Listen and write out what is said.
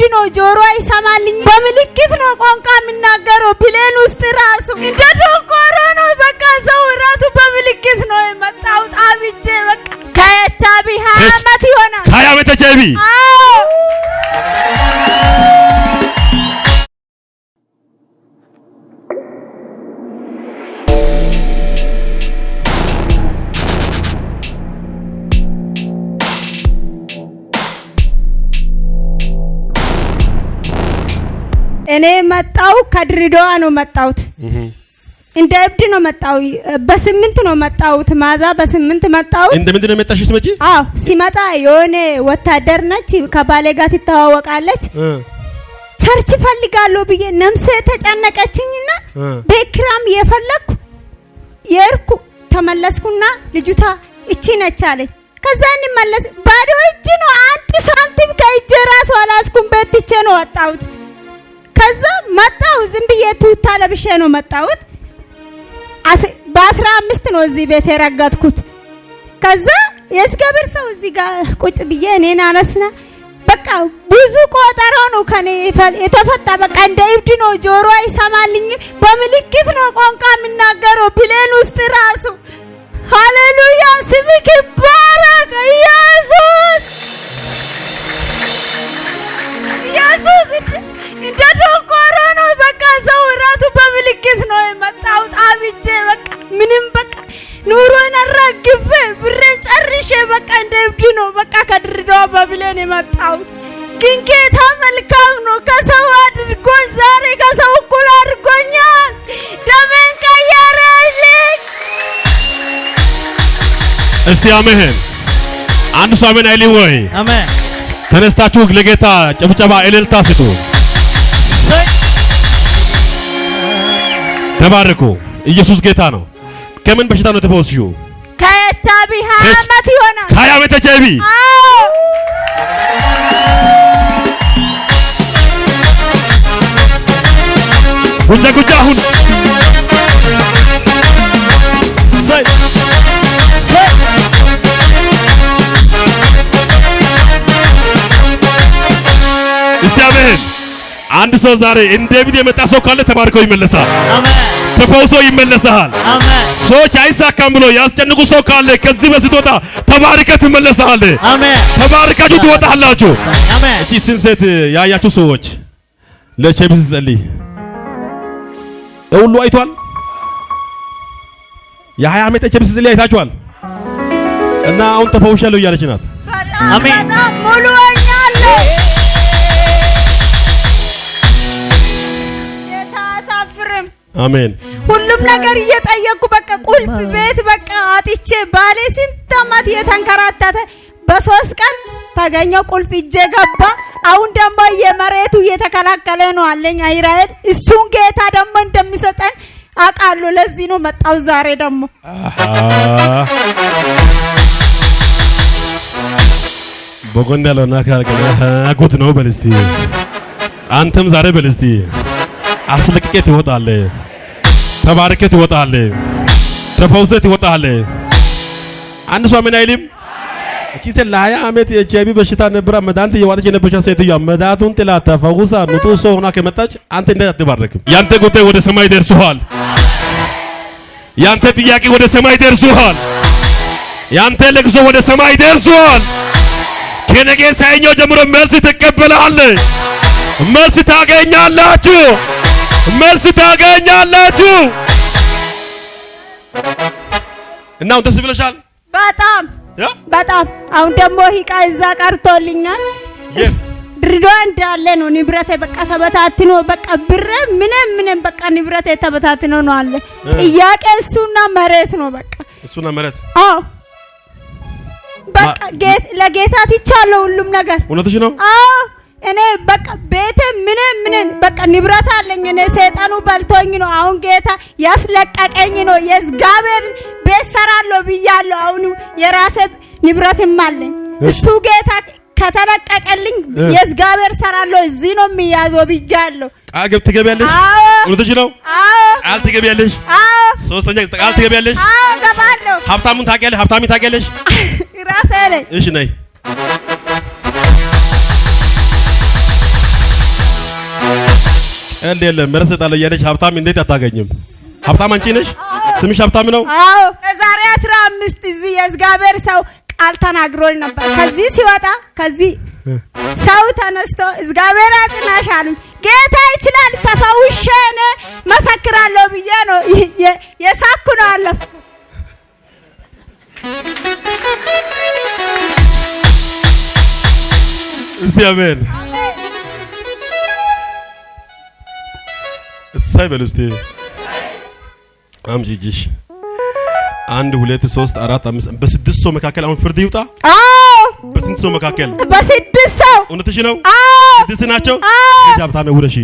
እብድ ነው፣ ጆሮ አይሰማልኝ። በምልክት ነው ቋንቋ የሚናገረው። ፕሌን ውስጥ ራሱ እንደ ዶንቆሮ ነው። በቃ ሰው ራሱ በምልክት ነው የመጣው። ጣብቼ በቃ ከኤች አይ ቪ ሀያ ዓመት ይሆናል። ሀያ ዓመት ኤች አይ ቪ እኔ መጣው ከድሬዳዋ ነው መጣሁት። እንደ እብድ ነው መጣው። በስምንት ነው መጣሁት። ማዛ በስምንት መጣሁት። እንደ ምንድን ነው የመጣሽ ስትመጪ? አዎ ሲመጣ የሆነ ወታደር ነች፣ ከባሌ ጋር ትተዋወቃለች። ቸርች ፈልጋለሁ ብዬ ነፍሴ ተጨነቀችኝና በክራም የፈለኩ የእርኩ ተመለስኩና ልጅቷ እቺ ነች አለኝ። ከዛ እንመለስ ባዶ እጅ ነው አንድ ሳንቲም ከእጄ ራሱ አላስኩም። ቤትቼ ነው ወጣሁት። ከዛ መጣሁ። ዝም ብዬ ቱታ ለብሼ ነው መጣሁት። በአስራ አምስት ነው እዚህ ቤት የረገጥኩት። ከዛ የእግዚአብሔር ሰው እዚህ ጋር ቁጭ ብዬ እኔን አነስና በቃ ብዙ ቆጠሮ ነው ከኔ የተፈታ። በቃ እንደ እብድ ነው፣ ጆሮ አይሰማልኝ። በምልክት ነው ቋንቋ የሚናገረው ፕሌን ውስጥ ራሱ ሃሌሉያ ስምክ ይባረክ ኢየሱስ ተመግቤ ብሬን ጨርሼ በቃ እንደ እብድ ነው በቃ ከድሬዳዋ በብሌን የመጣሁት። ግን ጌታ መልካም ነው። ከሰው አድርጎኝ ዛሬ ከሰው እኩል አድርጎኛል። ደሜን ቀየረልኝ። እስቲ አሜን። አንድ ሰው አሜን አይልም ወይ? አሜን። ተነስታችሁ ለጌታ ጨብጨባ እልልታ ስጡ። ተባረኩ። ኢየሱስ ጌታ ነው። ከምን በሽታ ነው የተፈወስሽው? चाबी हाँ मत ही होना खाया में አንድ ሰው ዛሬ እንደ የመጣ ሰው ካለ ተባርከው ይመለሳል። አሜን። ተፈውሶ ይመለሳል። አሜን። ሰዎች አይሳካም ብሎ ያስጨንቁ ሰው ካለ ከዚህ በስትወጣ ተባርከ ትመለሳል። አሜን። ተባርካችሁ ትወጣላችሁ። አሜን። እቺ ስንሴት ያያችሁ ሰዎች ለቼብስ ጸልይ ሁሉ አይቷል። የሀያ ዓመት ቼብስ ጸልይ አይታችኋል። እና አሁን ተፈውሻለሁ እያለች ናት። አሜን። ሙሉ አይታለሁ አሜን። ሁሉም ነገር እየጠየቁ በቃ ቁልፍ ቤት በቃ አጥቼ ባሌ ስንት አመት እየተንከራተተ በሶስት ቀን ተገኘው ቁልፍ እጄ ገባ። አሁን ደግሞ የመሬቱ እየተከላከለ ነው አለኝ አይራኤል። እሱን ጌታ ደግሞ እንደሚሰጠኝ አቃሉ። ለዚህ ነው መጣው ዛሬ ደግሞ በጎን ያለውና ካርገ አጎት ነው በልስቲ አንተም ዛሬ በልስቲ አስለቅቄ ትወጣለ። ተባርከት ትወጣለ። ተፈውሰ ትወጣለ። አንድ ሰው ምን አይልም? እቺ ሴት ለሀያ ዓመት የኤች አይቪ በሽታ ነበራ መድኃኒት እየዋጠች የነበረች ሴትዮዋ መድኃኒቱን ጥላ ተፈውሳ ንጹህ ሰው ሆና ከመጣች አንተ እንዴት አትባረክም? ያንተ ጉዳይ ወደ ሰማይ ደርሶሃል። ያንተ ጥያቄ ወደ ሰማይ ደርሶሃል። ያንተ ለቅሶ ወደ ሰማይ ደርሶሃል። ከነገ ሰኞ ጀምሮ መልስ ትቀበላለህ። መልስ ታገኛላችሁ። መልስ ታገኛላችሁ። እናሁን ደስ ብለሻል? በጣም በጣም። አሁን ደግሞ ሂቃ እዛ ቀርቶልኛል። ድሬዳዋ እንዳለ ነው ንብረቴ፣ በቃ ተበታትኖ በቃ ብር ምንም ምንም በቃ ንብረቴ ተበታትኖ ነው አለ። ጥያቄ እሱና መሬት ነው በቃ እሱና መሬት። አዎ በቃ ለጌታ ትቻለሁ ሁሉም ነገር። እውነትሽ ነው። አዎ እኔ በቃ ቤቴ ምን ምን በቃ ንብረት አለኝ። እኔ ሰይጣኑ በልቶኝ ነው። አሁን ጌታ ያስለቀቀኝ ነው። የእግዚአብሔር ቤት ሰራለሁ ብያለሁ። አሁን የራሴ ንብረትም አለኝ። እሱ ጌታ ከተለቀቀልኝ የእግዚአብሔር ሰራለሁ። እዚህ ነው የሚያዘው ብያለሁ። ቃል ትገቢያለሽ። እውነትሽ ነው። አዎ ቃል ትገቢያለሽ። ሶስተኛ ቃል ትገቢያለሽ። ሀብታሙን ታውቂያለሽ። ሀብታሚ ታውቂያለሽ። ራሴ ነኝ። እሺ ነይ ቀልድ የለም። መረስ እሰጣለሁ እያለች ሀብታም እንዴት አታገኝም? ሀብታም አንቺ ነሽ። ስምሽ ሀብታም ነው። አዎ ከዛሬ 15 እዚህ የእግዚአብሔር ሰው ቃል ተናግሮል ነበር። ከዚህ ሲወጣ ከዚህ ሰው ተነስቶ እግዚአብሔር አጽናሽ አሉ። ጌታ ይችላል ተፈውሼ እኔ መሰክራለሁ ብዬ ነው የሳኩ ነው አለፍ እግዚአብሔር ሳይ በሉ እስቲ አምጪ። አንድ ሁለት ሶስት አራት አምስት በስድስት ሰው መካከል አሁን ፍርድ ይውጣ። አዎ በስንት ሰው መካከል? በስድስት ሰው። እውነትሽ ነው። አዎ ስድስት ናቸው። አዎ ዳብታ ነው ውረሺ